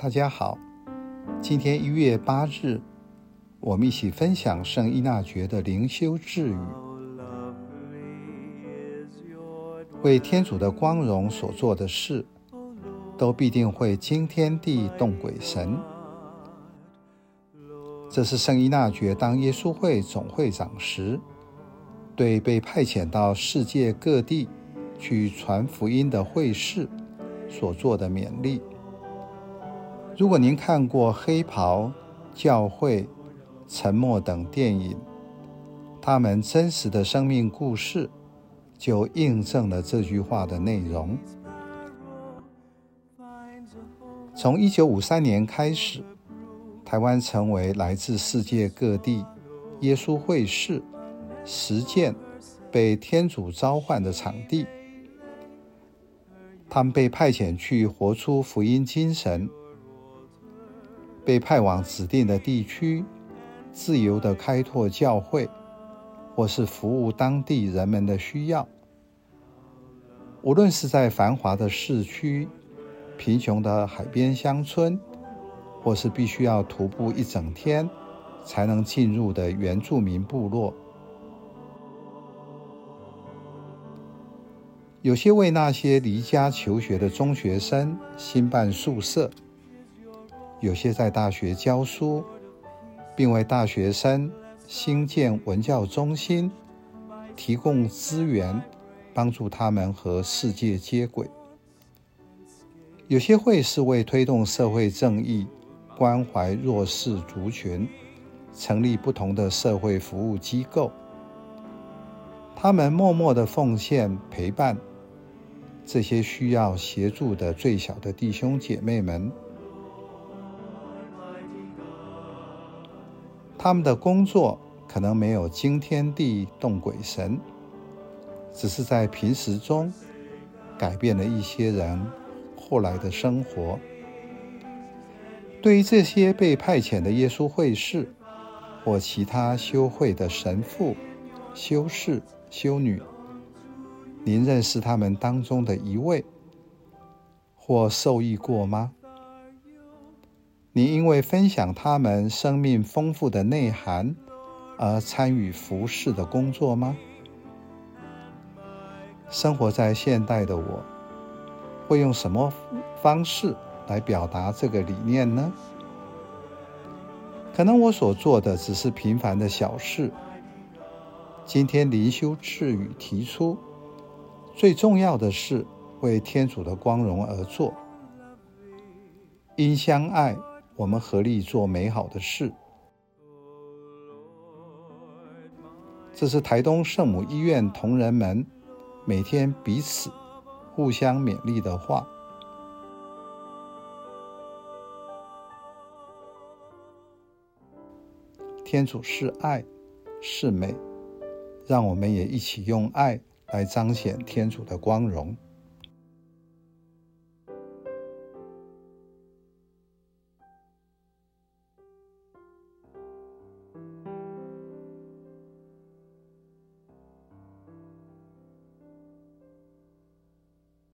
大家好，今天一月八日，我們一起分享聖依納爵的靈修智語。為天主的光榮所做的事，都必定會驚天地、動鬼神。這是聖依納爵當耶穌會總會長時，對被派遣到世界各地去傳福音的會士所做的勉勵。如果您看過《黑袍》、《教會》、《沉默》等電影，他們真實的生命故事就印證了這句話的內容。從一九五三年開始，台灣成為來自世界各地耶穌會士實踐被天主召喚的場地，他們被派遣去活出福音精神。被派往指定的地區，自由的開拓教會，或是服務當地人們的需要。無論是在繁華的市區、貧窮的海邊鄉村，或是必須要徒步一整天才能進入的原住民部落，有些為那些離家求學的中學生興辦宿舍。有些在大學教書，並為大學生興建文教中心，提供資源，幫助他們和世界接軌。有些會士為推動社會正義、關懷弱勢族群，成立不同的社會服務機構。他們默默的奉獻陪伴這些需要協助的最小的弟兄姐妹們。他們的工作可能沒有驚天地動鬼神，只是在平實中改變了一些人後來的生活。對於這些被派遣的耶穌會士或其他修會的神父、修士、修女，您認識他們當中的一位或受益過嗎？你因為分享他們生命豐富的內涵而參與服事的工作嗎？生活在現代的我，會用什麼方式來表達這個理念呢？可能我所做的只是平凡的小事。今天靈修智語提出，最重要的是為天主的光榮而做，因相愛。我們合力做美好的事。這是台東聖母醫院同仁們每天彼此互相勉勵的話。天主是愛，是美，讓我們也一起用愛來彰顯天主的光榮。